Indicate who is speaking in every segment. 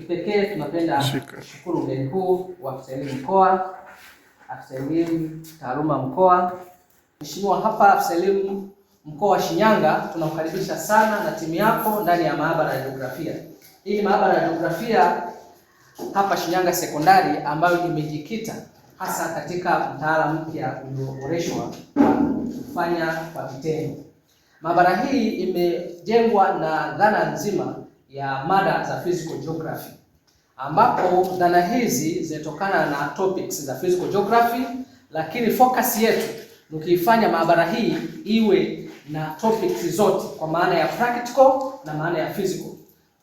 Speaker 1: Kipekee tunapenda kushukuru ugeni huu wa afisa elimu mkoa, afisa elimu taaluma mkoa. Mheshimiwa, hapa afisa elimu mkoa wa Shinyanga tunakukaribisha sana na timu yako ndani ya maabara ya jiografia. Hii ni maabara ya jiografia hapa Shinyanga sekondari ambayo imejikita hasa katika mtaala mpya ulioboreshwa kufanya kwa vitendo. Maabara hii imejengwa na dhana nzima ya mada za physical geography ambapo dhana hizi zinatokana na topics za physical geography, lakini focus yetu mkiifanya maabara hii iwe na topics zote kwa maana ya practical na maana ya physical.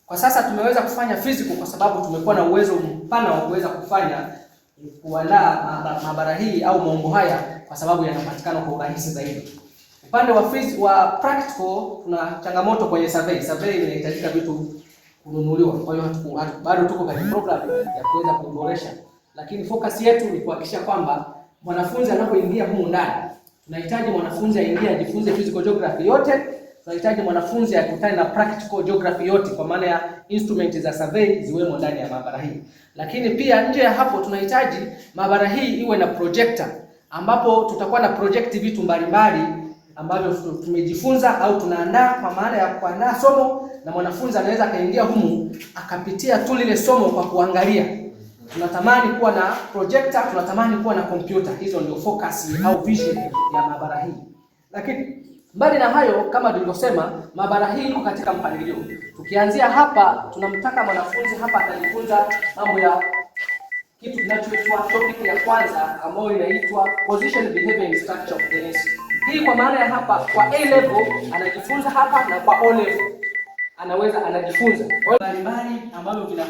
Speaker 1: Kwa sasa tumeweza kufanya physical kwa sababu tumekuwa na uwezo mpana wa kuweza kufanya kuandaa maabara hii au maumbo haya kwa sababu yanapatikana kwa urahisi zaidi. Upande wa, physical, wa practical kuna changamoto kwenye survey. Survey inahitajika vitu kununuliwa. Kwa hiyo bado tuko kwenye program ya kuweza kuboresha, lakini focus yetu ni kuhakikisha kwamba mwanafunzi anapoingia humu ndani, tunahitaji mwanafunzi aingie ajifunze physical geography yote, tunahitaji mwanafunzi akutane na practical geography yote, kwa maana ya instrument za survey ziwemo ndani ya maabara hii. Lakini pia nje ya hapo, tunahitaji maabara hii iwe na projector, ambapo tutakuwa na project vitu mbalimbali ambavyo tumejifunza au tunaandaa, kwa maana ya kuandaa somo na mwanafunzi anaweza akaingia humu akapitia tu lile somo kwa kuangalia. Tunatamani kuwa na projector, tunatamani kuwa na kompyuta. Hizo ndio focus au vision ya maabara hii. Lakini mbali na hayo, kama tulivyosema, maabara hii iko katika mpangilio. Tukianzia hapa, tunamtaka mwanafunzi hapa atajifunza mambo ya kitu kinachoitwa topic ya kwanza ambayo inaitwa position behavior and structure of the nest. Hii kwa maana ya hapa kwa A level anajifunza hapa na kwa O level anaweza anajifunza mbalimbali ambavyo vina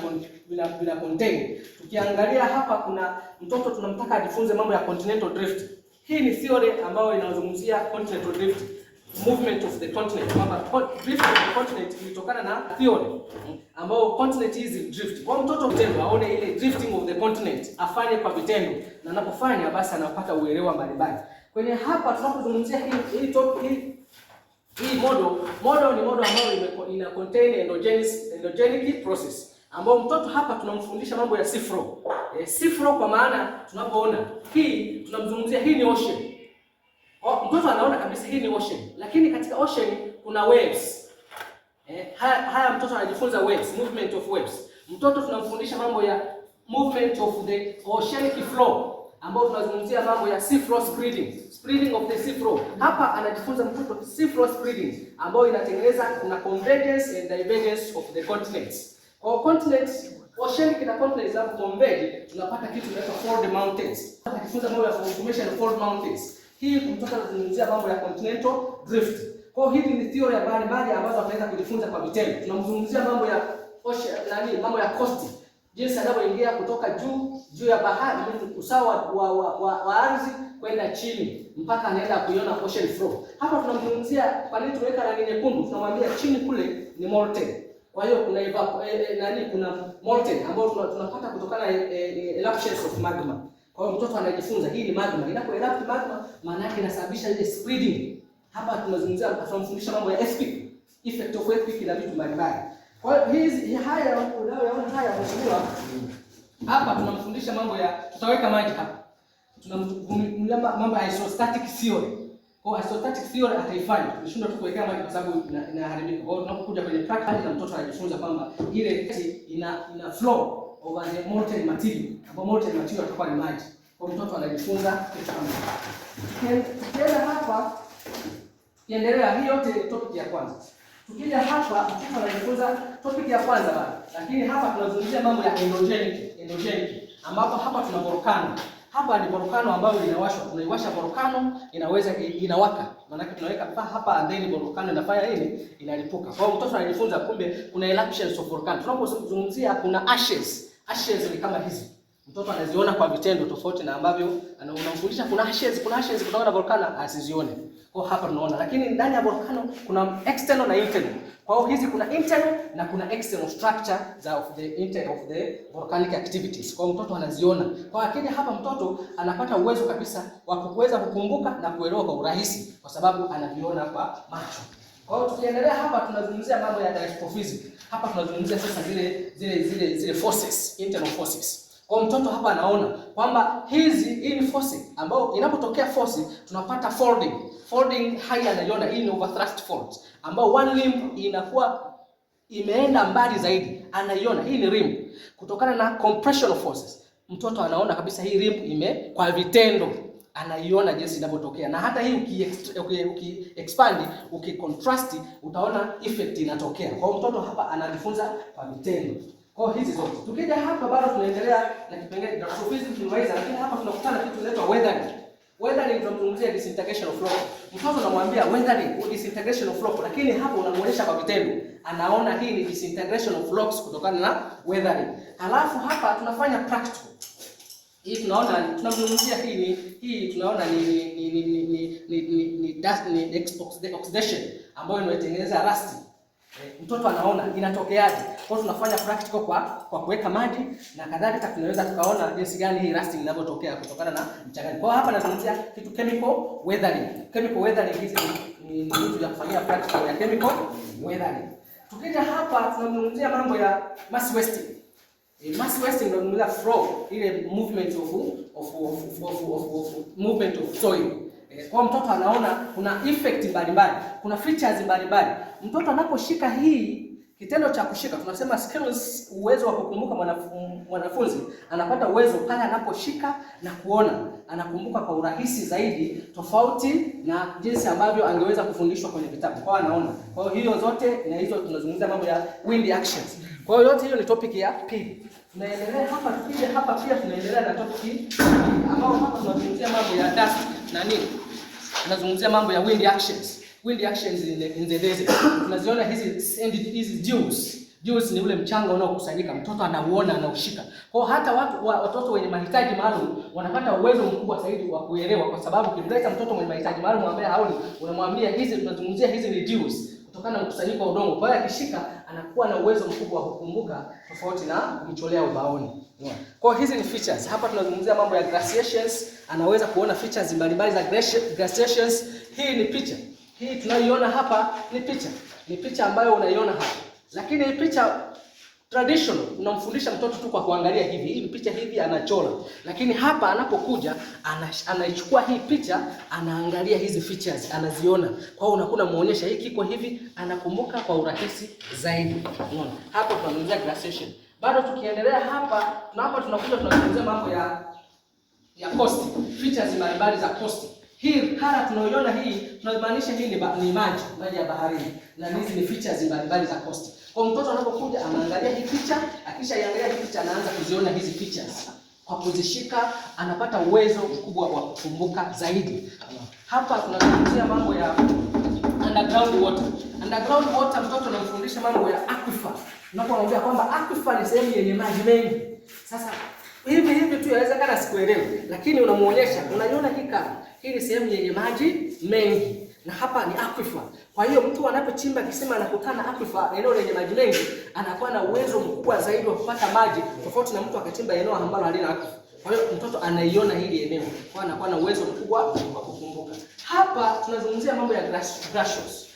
Speaker 1: vina, vina contain. Tukiangalia hapa, kuna mtoto tunamtaka ajifunze mambo ya continental drift. Hii ni theory ambayo inazungumzia continental drift, movement of the continent, kwamba drift of the continent ilitokana na theory ambayo continent hizi drift. Kwa mtoto mtendo aone ile drifting of the continent, afanye kwa vitendo, na anapofanya basi anapata uelewa mbalimbali. Kwenye hapa tunapozungumzia hii hii topic hii hii modo modo ni modo ambayo ina contain endogenous endogenic process ambao mtoto hapa tunamfundisha mambo ya sifro. E, eh, sifro kwa maana tunapoona hii tunamzungumzia hii ni ocean. O, mtoto anaona kabisa hii ni ocean. Lakini katika ocean kuna waves. E, haya, haya mtoto anajifunza waves, movement of waves. Mtoto tunamfundisha mambo ya movement of the oceanic flow ambao tunazungumzia mambo ya frog spreading, spreading of the frog. Hapa anajifunza mtoto frog spreading ambayo inatengeneza kuna convergence and divergence of the continents. Kwa continents oceanic na continents hapo converge, tunapata kitu kinaitwa fold mountains. Anajifunza mambo ya formation of fold mountains. Hii kumtoka anazungumzia mambo ya continental drift. Kwa hivi ni theory ya mbalimbali ambazo ataweza kujifunza kwa vitendo. Tunamzungumzia mambo ya ocean, nani, mambo ya coast jinsi anavyoingia kutoka juu juu ya bahari, usawa wa, wa, wa, wa ardhi kwenda chini mpaka anaenda kuiona ocean floor. Hapa tunamzungumzia kwa nini tuweka rangi nyekundu, tunamwambia chini kule ni molten. Kwa hiyo kuna eva, e, e, nani kuna molten ambayo tunapata kutokana na e, e, eruptions of magma. Kwa hiyo mtoto anajifunza hii ni magma, inapo erupt magma maana yake inasababisha ile spreading. Hapa tunazungumzia tunamfundisha mambo ya earthquake, effect of earthquake na vitu mbalimbali. Kwa hiyo hizi haya unayoona haya mheshimiwa, hapa tunamfundisha mambo ya tutaweka maji hapa. Tunamfundisha mambo ya isostatic theory. Kwa hiyo isostatic theory ataifanya. Tunashindwa tu kuwekea maji kwa sababu inaharibika. Kwa hiyo tunapokuja kwenye practical na mtoto anajifunza kwamba ile ina ina flow over the molten material. Kwa molten material atakuwa ni maji. Kwa mtoto anajifunza kitu kama hicho. Tena hapa kiendelea hii yote topic ya kwanza. Tukija hapa mtuko anajifunza topic ya kwanza bana. Lakini hapa tunazungumzia mambo ya endogenic, endogenic ambapo hapa tuna volcano. Hapa ni volcano ambayo inawashwa. Tunaiwasha volcano inaweza inawaka. Maana yake tunaweka paa hapa and then volcano inafanya nini? Inalipuka. Kwa hiyo mtoto anajifunza kumbe kuna eruptions of volcano. Tunapozungumzia kuna ashes. Ashes ni kama hizi. Mtoto anaziona kwa vitendo tofauti na ambavyo anamfundisha kuna ashes, kuna ashes kutoka na volcano asizione. Kwa hapa tunaona, lakini ndani ya volcano kuna external na internal. Kwa hiyo hizi kuna internal na kuna external structure za of the inter of the volcanic activities. Kwa mtoto anaziona. Kwa akija hapa mtoto anapata uwezo kabisa wa kuweza kukumbuka na kuelewa kwa urahisi kwa sababu anaviona kwa macho. Kwa hiyo tukiendelea hapa tunazungumzia mambo ya dystrophism. Hapa tunazungumzia sasa zile zile zile zile forces, internal forces. Kwa mtoto hapa anaona kwamba hizi hii ni force ambayo inapotokea force tunapata folding folding high anaiona hii ni overthrust fold ambao one limb inakuwa imeenda mbali zaidi, anaiona hii ni rim. Kutokana na compression forces, mtoto anaona kabisa hii rim ime, kwa vitendo anaiona jinsi inavyotokea, na hata hii uki expand uki contrast utaona effect inatokea. Kwa mtoto hapa anajifunza kwa vitendo. Kwa hizi zote tukija hapa, bado tunaendelea na kipengele cha physics tunaweza, lakini hapa tunakutana kitu kinaitwa weathering tunazungumzia disintegration of rock. Mfano namwambia wenda ni disintegration of rock, lakini hapo unamuonesha kwa vitendo, anaona hii ni disintegration of rocks kutokana na weathering. Halafu hapa tunafanya practical hii tunaona tunazungumzia hii ni hii tunaona ni ni ni ni ni, ni, ni, ni, ni, ni ni, ni, ni, ni oxidation ambayo inatengeneza rust Eh, mtoto anaona inatokeaje. Kwa hiyo tunafanya practical kwa kwa kuweka maji na kadhalika, tunaweza tukaona jinsi gani hii rusting inavyotokea kutokana na mchanganyiko. Kwa hiyo hapa nazungumzia kitu chemical weathering. Chemical weathering hizi ni vitu vya kufanyia practical ya chemical weathering. Tukija hapa tunazungumzia mambo ya mass wasting. E, mass wasting ndio tunazungumzia flow ile movement of of of, of, of, of, of movement of soil kwa mtoto anaona kuna effect mbalimbali, kuna features mbalimbali. Mtoto anaposhika hii kitendo cha kushika tunasema skills, uwezo wa kukumbuka mwanafunzi anapata uwezo pale anaposhika na kuona, anakumbuka kwa urahisi zaidi, tofauti na jinsi ambavyo angeweza kufundishwa kwenye vitabu, kwa anaona. Kwa hiyo hiyo zote na hizo tunazungumzia mambo ya wind actions. Kwa hiyo yote hiyo ni topic ya pili. Tunaendelea hapa, tukija hapa pia tunaendelea na topic ambayo hapa tunazungumzia mambo ya dust na nini Anazungumzia mambo ya wind actions. Wind actions in the, in the desert. Tunaziona hizi send hizi dunes. Dunes ni ule mchanga unaokusanyika, mtoto anauona anaushika. Kwa hata watu wa, watoto wenye mahitaji maalum wanapata uwezo mkubwa zaidi wa kuelewa, kwa sababu kimleta mtoto mwenye mahitaji maalum ambaye haoni, unamwambia hizi, tunazungumzia hizi ni dunes kutokana na mkusanyiko wa udongo. Kwa hiyo akishika anakuwa na uwezo mkubwa wa kukumbuka tofauti na kumcholea ubaoni. Kwa hizi ni features. Hapa tunazungumzia mambo ya glaciations, anaweza kuona features mbalimbali za glaciations. Hii ni picha. Hii tunayoiona hapa ni picha. Ni picha ambayo unaiona hapa. Lakini hii picha traditional unamfundisha mtoto tu kwa kuangalia hivi. Hii picha hivi anachora. Lakini hapa anapokuja anaichukua hii picha, anaangalia hizi features, anaziona. Kwa hiyo unakuwa muonyesha hii kiko hivi, anakumbuka kwa urahisi zaidi. Unaona? Hapo tunazungumzia glaciation. Bado tukiendelea hapa, na hapa tunakuja tunazungumzia mambo ya ya cost, features mbalimbali za cost. Hii kara tunaoiona hii tunamaanisha hii ni, ni maji, maji ya baharini. Na hizi ni features mbalimbali za cost. Kwa mtoto anapokuja anaangalia hii picha, akishaiangalia hii picha anaanza kuziona hizi features. Kwa kuzishika anapata uwezo mkubwa wa kukumbuka zaidi. Hapa tunazungumzia mambo ya underground water. Underground water mtoto anamfundisha mambo ya aquifer. Tunapoongea kwamba Aquifers ni sehemu yenye maji mengi. Sasa hivi hivi tu yawezekana sikuelewe, lakini unamuonyesha, unaiona kika hii ni sehemu yenye maji mengi na hapa ni aquifer. Kwa hiyo mtu anapochimba kisima anakutana aquifer, eneo lenye maji mengi, anakuwa na uwezo mkubwa zaidi wa kupata maji tofauti na mtu akachimba eneo ambalo halina aquifer. Kwa hiyo mtoto anaiona hili eneo, kwa anakuwa na uwezo mkubwa wa kukumbuka. Hapa tunazungumzia mambo ya gracious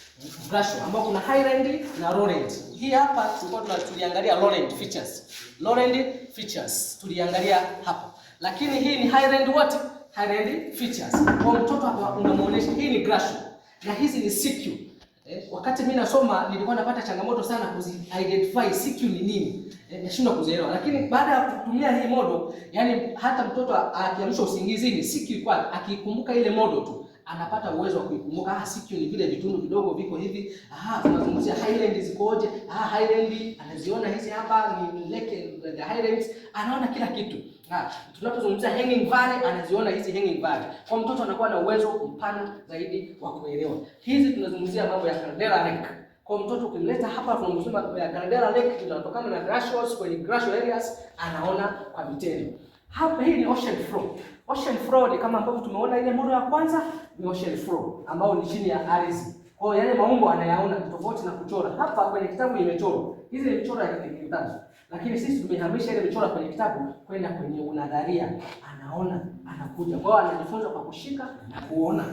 Speaker 1: gracious ambapo kuna highland na lowland. Hii hapa tulikuwa tuliangalia lowland features. Lowland features tuliangalia hapa. Lakini hii ni highland what? Highland features. Kwa mtoto hapa unamuonesha hii ni grassroots na hizi ni CQ. Eh, wakati mimi nasoma nilikuwa napata changamoto sana kuzi identify CQ ni nini. Eh, nashindwa kuzielewa. Lakini baada ya kutumia hii model, yani hata mtoto akiamsha usingizini CQ kwa akikumbuka ile model tu anapata uwezo wa kuikumbuka. Ah, sikio ni vile vitundu vidogo viko hivi. Ah, tunazungumzia highland zikoje? Ah, highland anaziona hizi hapa ni lake the highlands, anaona kila kitu. Ah, tunapozungumzia hanging valley anaziona hizi hanging valley. Kwa mtoto anakuwa na uwezo mpana zaidi wa kuelewa. Hizi tunazungumzia mambo ya caldera lake. Kwa mtoto ukimleta hapa tunazungumzia mambo ya caldera lake, tunatokana na glaciers kwenye glacial areas, anaona kwa vitendo. Hapa hii ni ocean floor. Ocean floor ni kama ambavyo tumeona ile moro ya kwanza ni ocean floor ambao ni chini ya ardhi. Kwa hiyo yale maumbo anayaona tofauti na kuchora. Hapa kwenye kitabu imechorwa. Hizi ni michoro ya kidijitali. Lakini sisi tumehamisha ile michoro kwenye kitabu kwenda kwenye unadharia. Anaona, anakuja. Kwa hiyo anajifunza kwa kushika na kuona.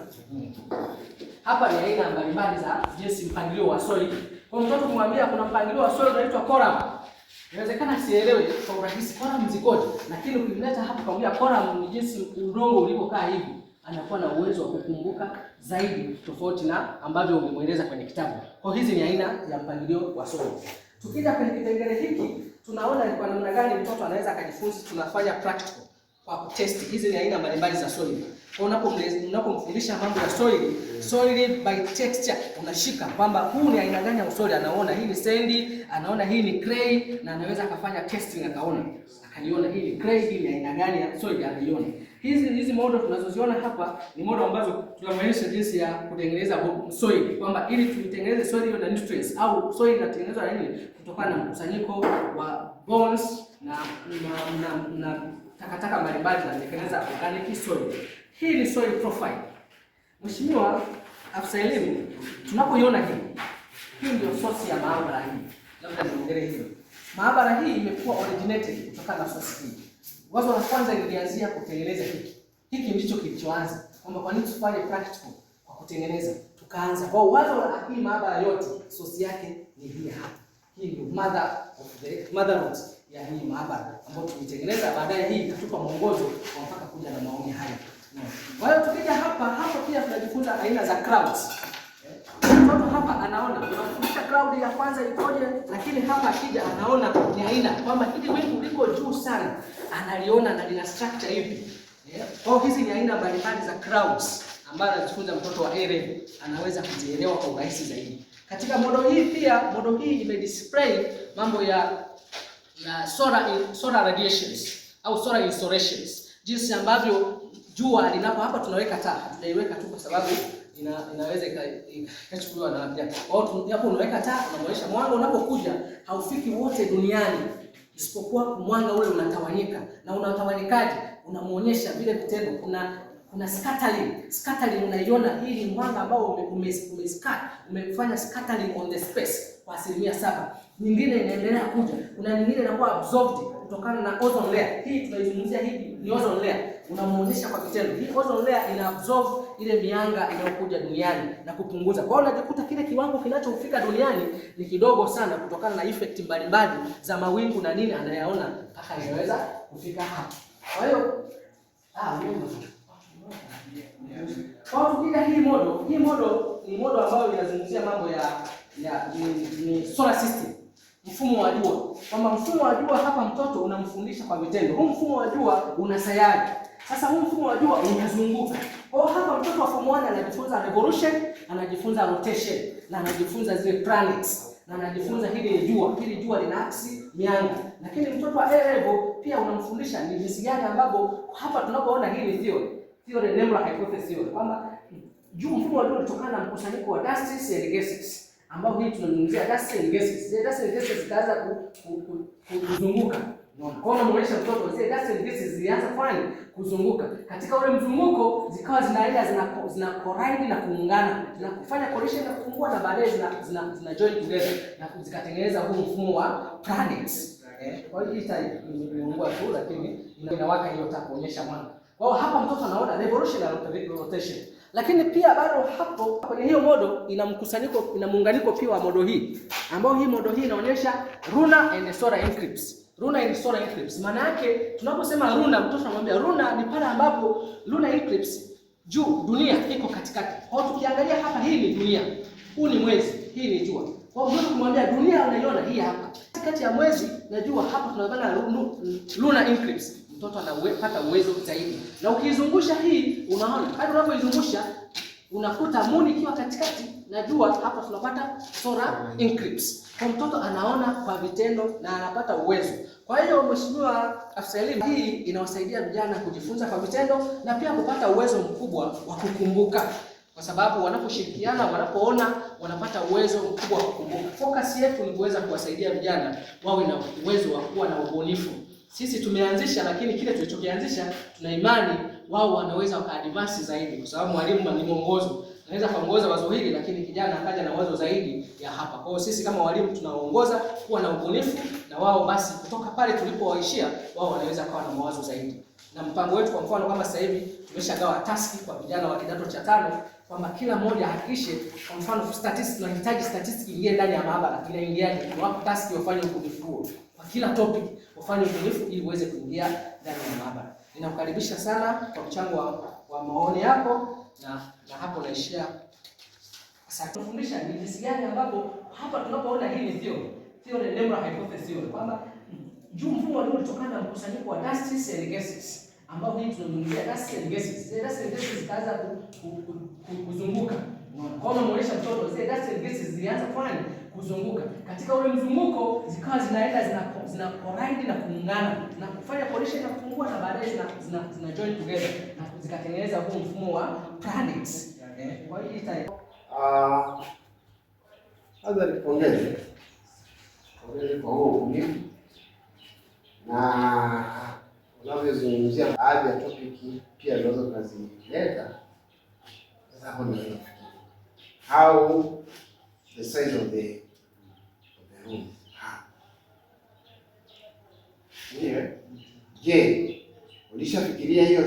Speaker 1: Hapa ni aina mbalimbali za jinsi mpangilio wa solid. Kwa mtoto kumwambia kuna mpangilio wa solid unaitwa column. Inawezekana sielewe kwa urahisi column zikoje, lakini ukimleta hapa kwa kora ni jinsi udongo ulivyokaa hivi anakuwa na uwezo wa kukumbuka zaidi tofauti na ambavyo umemweleza kwenye kitabu. Kwa hizi ni aina ya mpangilio wa somo. Tukija kwenye kipengele hiki, tunaona ni kwa namna gani mtoto anaweza akajifunza. Tunafanya practical kwa kutesti. Hizi ni aina mbalimbali za soil. Kwa unapomfundisha mambo ya soil, soil by texture, unashika kwamba huu ni aina gani ya soil. Anaona hii ni sandy, anaona hii ni clay, na anaweza akafanya testing akaona, akaiona hii ni clay, hii ni aina gani ya soil, anaiona Hizi hizi modo tunazoziona hapa ni modo ambazo tunaonyesha jinsi ya kutengeneza soil kwamba ili tuitengeneze soil hiyo na nutrients au soil inatengenezwa na nini kutokana na mkusanyiko wa bones na na, na, na takataka mbalimbali kutengeneza organic soil. Hii ni soil profile. Mheshimiwa afisa elimu, tunapoiona hii hii ndio source ya maabara hii. Labda niongelee hiyo. Maabara hii imekuwa originated kutokana na source hii. Wazo la kwanza lilianzia kutengeneza hiki. Hiki ndicho kilichoanza kwamba kwa nini tufanye practical kwa kutengeneza. Tukaanza kwa wazo la akili maabara yote, source yake ni hii hapa. Hii ndio mother of the mother root ya hii maabara ambayo tulitengeneza, baadaye hii ikatupa mwongozo kwa mpaka kuja na maoni haya. Kwa hiyo tukija hapa, hapo pia tunajifunza aina za clouds anaona unafundisha cloud ya kwanza ikoje, lakini hapa akija anaona ni aina kwamba hili wingu liko juu sana, analiona na lina structure hivi. yeah. Kwa hizi ni aina mbalimbali za clouds ambayo anajifunza mtoto wa a anaweza kuzielewa kwa urahisi zaidi. Katika modo hii pia, modo hii imedisplay mambo ya na solar solar radiations au solar insolations, jinsi ambavyo jua linapo. Hapa tunaweka taa, tunaiweka tu kwa sababu ina, inaweza ikachukuliwa na afya. Kwa hiyo hapo unaweka taa, unaboresha mwanga unapokuja haufiki wote duniani, isipokuwa mwanga ule unatawanyika. Na unatawanyikaje? Unamuonyesha vile vitendo, kuna kuna scattering. Scattering unaiona hili mwanga ambao umefanya scattering on the space kwa asilimia saba. Nyingine inaendelea kuja, kuna nyingine inakuwa absorbed kutokana na ozone layer. Hii tunaizungumzia hivi ni ozone layer, unamuonyesha kwa vitendo. Hii ozone layer ina absorb ile mianga inayokuja duniani na kupunguza. Kwa hiyo unajikuta kile kiwango kinachofika duniani ni kidogo sana, kutokana na effect mbalimbali za mawingu na nini anayaona mpaka inaweza kufika hapo. Kwa hiyo ah, kwa tukija hii modo, hii modo ni modo ambayo inazungumzia mambo ya ya ni, ni solar system mfumo wa jua, kwamba mfumo wa jua hapa mtoto unamfundisha kwa vitendo. Huu mfumo wa jua una sayari. Sasa huu mfumo wa jua unazunguka mtu form 1 anajifunza revolution, anajifunza rotation, na anajifunza zile planets, na anajifunza hili jua, hili jua lina aksi mianga. Lakini mtoto wa A level pia unamfundisha ni jinsi gani ambapo hapa tunapoona hili theory, theory Nebula hypothesis theory kwamba juu mfumo wa dunia unatokana na mkusanyiko wa dust and gases, ambao hii tunazungumzia dust and gases. Zile dust and gases zitaanza kuzunguka kwa unaonyesha mtoto say that's and this is zilianza kufanya kuzunguka. Katika ule mzunguko zikawa zinaenda zina zina collide na kuungana, na kufanya collision na kufungua na baadaye zina zina, zina join together na zikatengeneza huu mfumo wa planets. Eh, kwa hiyo ita imeungua tu lakini inawaka hiyo taa kuonyesha mwanga. Kwa hiyo hapa mtoto anaona revolution na rotation. Lakini pia bado hapo kwenye hiyo modo ina mkusanyiko ina muunganiko pia wa modo hii ambao hii modo hii inaonyesha lunar and solar eclipse. Lunar and solar eclipse. Maana yake tunaposema Luna, mtoto anamwambia Luna ni pale ambapo lunar eclipse juu dunia iko katikati. Kwa hiyo tukiangalia hapa, hii ni dunia, huu ni mwezi, hii ni jua. Kwa hiyo mtu kumwambia dunia, unaiona hii hapa katikati ya mwezi na jua, hapa tunaona lunar eclipse. Mtoto anapata uwezo zaidi, na ukizungusha hii, unaona hadi unapoizungusha unakuta muni ikiwa katikati na jua, hapa tunapata solar eclipse kwa mtoto anaona kwa vitendo na anapata uwezo. Kwa hiyo mheshimiwa afisa elimu, hii inawasaidia vijana kujifunza kwa vitendo na pia kupata uwezo mkubwa wa kukumbuka, kwa sababu wanaposhirikiana, wanapoona, wanapata uwezo mkubwa wa kukumbuka. Focus yetu ni kuweza kuwasaidia vijana wawe na uwezo wa kuwa na ubunifu. Sisi tumeanzisha, lakini kile tulichokianzisha tuna imani wao wanaweza kuadvance zaidi, kwa sababu mwalimu ni mwongozo Naweza kuongoza wazo hili, lakini kijana akaja na wazo zaidi ya hapa. Kwa hiyo sisi kama walimu tunawaongoza kuwa na ubunifu, na wao basi kutoka pale tulipowaishia, wao wanaweza kuwa na mawazo zaidi. Na mpango wetu kwa mfano, kama sasa hivi tumeshagawa taski kwa vijana wa kidato cha tano kwamba kila mmoja hakikishe, kwa mfano statistics, tunahitaji statistics ingie ndani ya maabara, ni Tuwape taski wafanye ubunifu huo kwa kila topic, wafanye ubunifu ili uweze kuingia ndani ya maabara. Ninakukaribisha sana kwa mchango wa, wa maoni yako na na hapo naishia. Sasa tufundisha ni jinsi gani ambapo hapa tunapoona hii ni theory, theory Nebula hypothesis hiyo kwamba juu mfumo ndio ulitokana na mkusanyiko wa dust cell gases ambao hii tunazungumzia dust cell gases. Zile dust cell gases zikaanza ku, ku, ku, kuzunguka. Kwa hiyo unaonyesha mtoto zile dust cell gases zilianza kufanya kuzunguka. Katika ule mzunguko zikawa zinaenda zina zina collide na kuungana na kufanya pollution inapungua, na baadaye zina, zina, zina join together na zikatengeneza huu mfumo wa planets. Eh, kwa hiyo tai
Speaker 2: ah, hata nipongeze pongeze kwa huo ubunifu na unavyozungumzia baadhi ya topic pia zinaweza kuzileta sasa hapo ndio how the size of the of the room Ndiyo. Je, ulishafikiria hiyo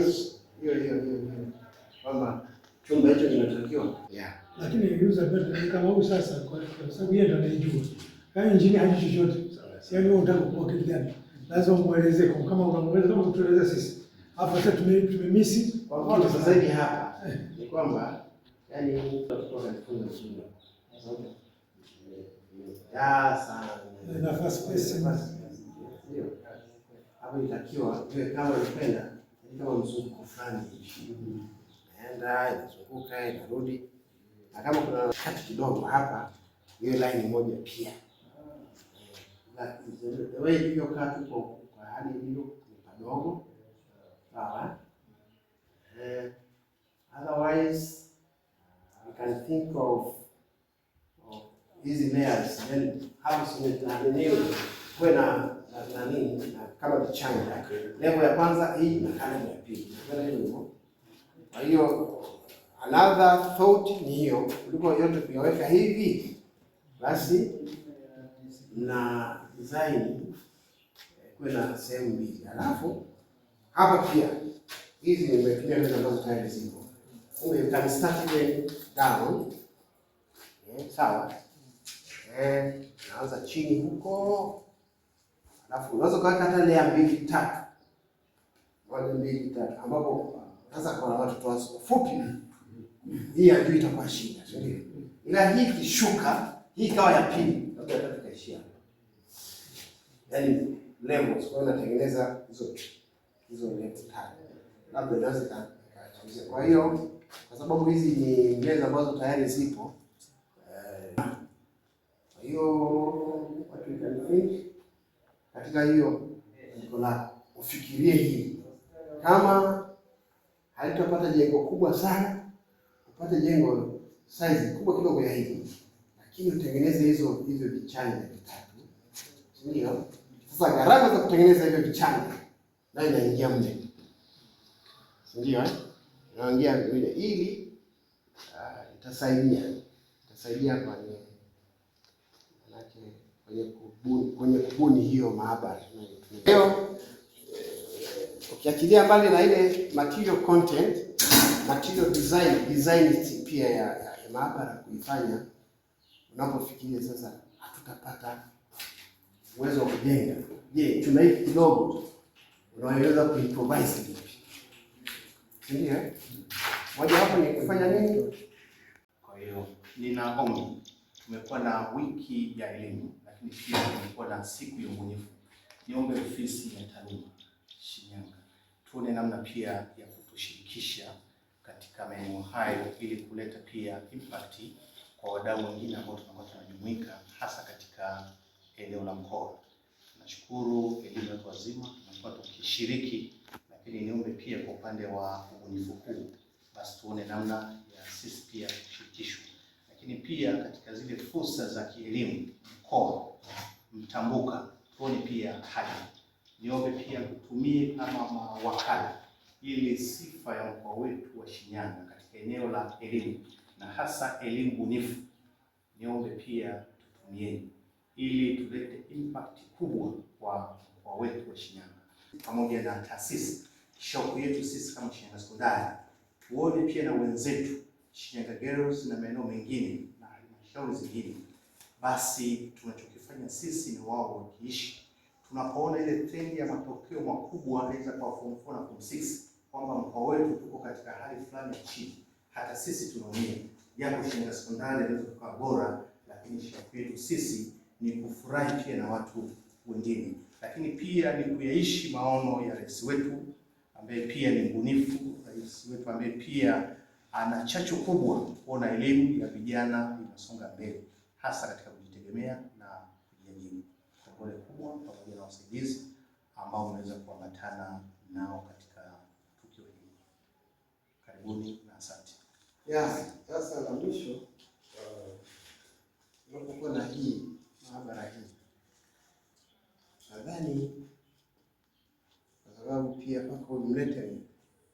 Speaker 2: hiyo hiyo hiyo kwamba chumba hicho kinatakiwa? Yeah.
Speaker 3: Lakini user ni kama huyu sasa kwa sababu yeye ndo anajua. Yaani injini haji chochote. Yaani wewe unataka kuwa kitu gani? Lazima umuelezee kwa kama unamweleza kama kutueleza sisi. Hapo sasa tume tumemisi
Speaker 2: kwa mfano sasa hivi hapa ni kwamba yani tutakuwa tunajifunza chumba. Ah, sana.
Speaker 3: Nafasi pesa
Speaker 2: ambayo itakiwa iwe kama mpenda kama mzunguko fulani hivi, naenda inazunguka inarudi, na kama kuna kati kidogo hapa, hiyo line moja pia ewe ilivyokaa tu kwa hali hiyo ni padogo, sawa. Eh, otherwise you can think of hizi layers then hapo, si kuwe na na nini na kama vichanga. Level ya kwanza hii na kalamu ya pili. Kwa hiyo another thought ni hiyo, kuliko yote kuyaweka hivi basi na design eh, kuwe na sehemu mbili, alafu hapa pia hizi nimetumia mbele ambazo tayari ziko you can start them down eh, sawa, eh, naanza chini huko Alafu unaweza kuweka hata layer mbili tatu. Wale mbili tatu ambapo sasa kwa watoto wafupi hii ya juu itakuwa shida, Ila hii kishuka, hii ikawa ya pili, labda hata tukaishia. Yaani levels kwa natengeneza hizo hizo levels tatu. Labda inaweza kwa hiyo kwa sababu hizi ni nyenzo ambazo tayari zipo katika hiyo jengo lako. Ufikirie hii, kama halitapata jengo kubwa sana, upate jengo size kubwa kidogo ya hivi, lakini utengeneze hizo hivyo vichanja vitatu, ndio sasa gharama za kutengeneza hivyo vichanja na inaingia mle, ndio eh, inaingia mle ili uh, itasaidia itasaidia kwenye manake kwenye kwenye kubuni hiyo maabara. Leo ukiachilia mbali na ile material content, material design, design pia ya, ya, ya maabara kuifanya, unapofikiria sasa hatutapata uwezo wa kujenga, je, tuna hiki kidogo, unaweza kuimprovise vipi? Ndio moja wapo ni kufanya nini?
Speaker 4: Kwa hiyo ninaomba, tumekuwa na wiki ya elimu lakini pia tulikuwa na siku ya ubunifu Niombe ofisi ya TARUMA Shinyanga, tuone namna pia ya kutushirikisha katika maeneo hayo ili kuleta pia impact kwa wadau wengine ambao tunakuwa tunajumuika hasa katika eneo la mkoa. Nashukuru elimu ya watu wazima tumekuwa tukishiriki, lakini niombe pia kwa upande wa ubunifu huu basi tuone namna ya sisi pia kushirikishwa, lakini pia katika zile fursa za kielimu ko mtambuka tuone pia haji. Niombe pia tutumie kama mawakala ili sifa ya mkoa wetu wa Shinyanga katika eneo la elimu na hasa elimu bunifu, niombe pia tutumieni ili tulete impact kubwa kwa mkoa wetu wa Shinyanga pamoja na taasisi. Shauku yetu sisi kama Shinyanga Sekondari tuone pia na wenzetu Shinyanga Girls na maeneo mengine na halmashauri zingine basi tunachokifanya sisi ni wao wakiishi. Tunapoona ile trendi ya matokeo makubwa anaweza kwa form 4 na form 6 kwamba mkoa wetu tuko katika hali fulani chini, hata sisi tunaumia, japo shule ya sekondari inaweza kuwa bora, lakini shauku yetu sisi ni kufurahi pia na watu wengine, lakini pia ni kuyaishi maono ya rais wetu ambaye pia ni mbunifu, rais wetu ambaye pia ana chachu kubwa kuona elimu ya vijana inasonga mbele hasa katika kujitegemea na kujiajiri, pole kubwa pamoja na wasaidizi ambao unaweza kuambatana nao katika tukio hili. Karibuni na asante.
Speaker 2: Sasa la mwisho uh, unapokuwa na hii maabara hii, nadhani kwa sababu pia mpaka umlete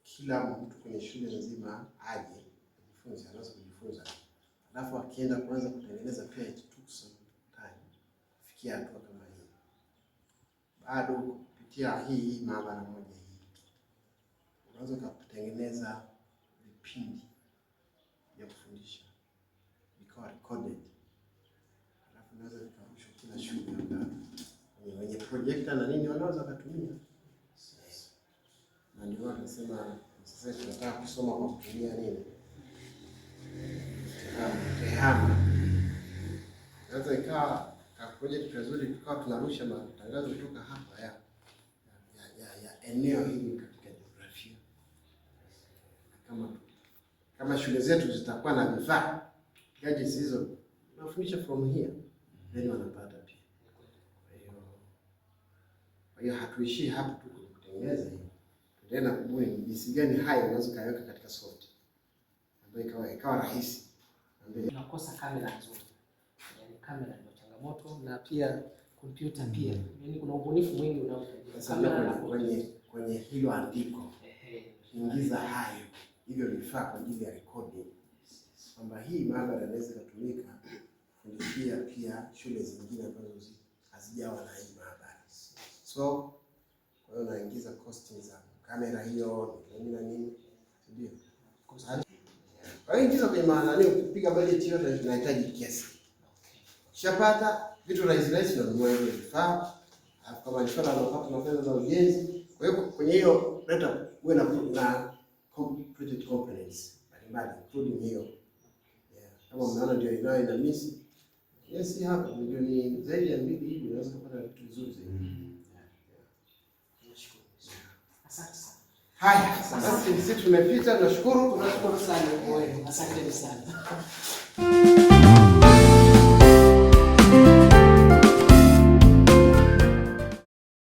Speaker 2: kila mtu kwenye shule nzima aje kujifunza, anaweza kujifunza alafu akienda kuanza kutengeneza pia it took time kufikia hatua kama hii, bado kupitia hii hii maabara moja hii unaweza kutengeneza vipindi vya kufundisha vikawa recorded, alafu unaweza vikarushwa kila shule, hata wenye projector na nini wanaweza wakatumia. Na ndio wanasema sasa tunataka kusoma kwa kutumia nini Tehama. Sasa ikawa kakuja tukazuri, tukawa tunarusha matangazo kutoka hapa ya ya eneo hili katika jiografia, kama kama shule zetu zitakuwa na vifaa gaji hizo, tunafundisha from here, then wanapata pia. Kwa hiyo hatuishii hapo tu kutengeneza hivi, tunaenda kubuni jinsi gani haya unaweza kaweka katika soko ikawa ikawa rahisi.
Speaker 4: Tunakosa kamera nzuri, yani kamera ndio changamoto, na pia kompyuta pia, mm. yani kuna ubunifu mwingi
Speaker 2: unaotakiwa kwenye kwenye hilo andiko, ingiza hayo hivyo vifaa kwa ajili ya recording, kwamba hii maabara inaweza kutumika kufundishia pia shule zingine ambazo hazijawa na hii maabara. So kwa hiyo naingiza costing za kamera hiyo nini na nini, ndio kwa hiyo hizo kwenye maana leo kupiga bajeti yote tunahitaji kiasi. Ukishapata vitu rahisi rahisi ndio nunua hizo vifaa. Alafu kama ni swala la mapato na fedha za ujenzi, kwa hiyo kwenye hiyo leta uwe na na project components mbalimbali including hiyo. Yeah. Kama mnaona ndio inayo ina miss. Yes, hapa ni zaidi ya mbili hivi unaweza kupata vitu vizuri zaidi. Mm. Asante. Haya, sasa sisi tumepita, tunashukuru. Tunashukuru sana. Asanteni sana.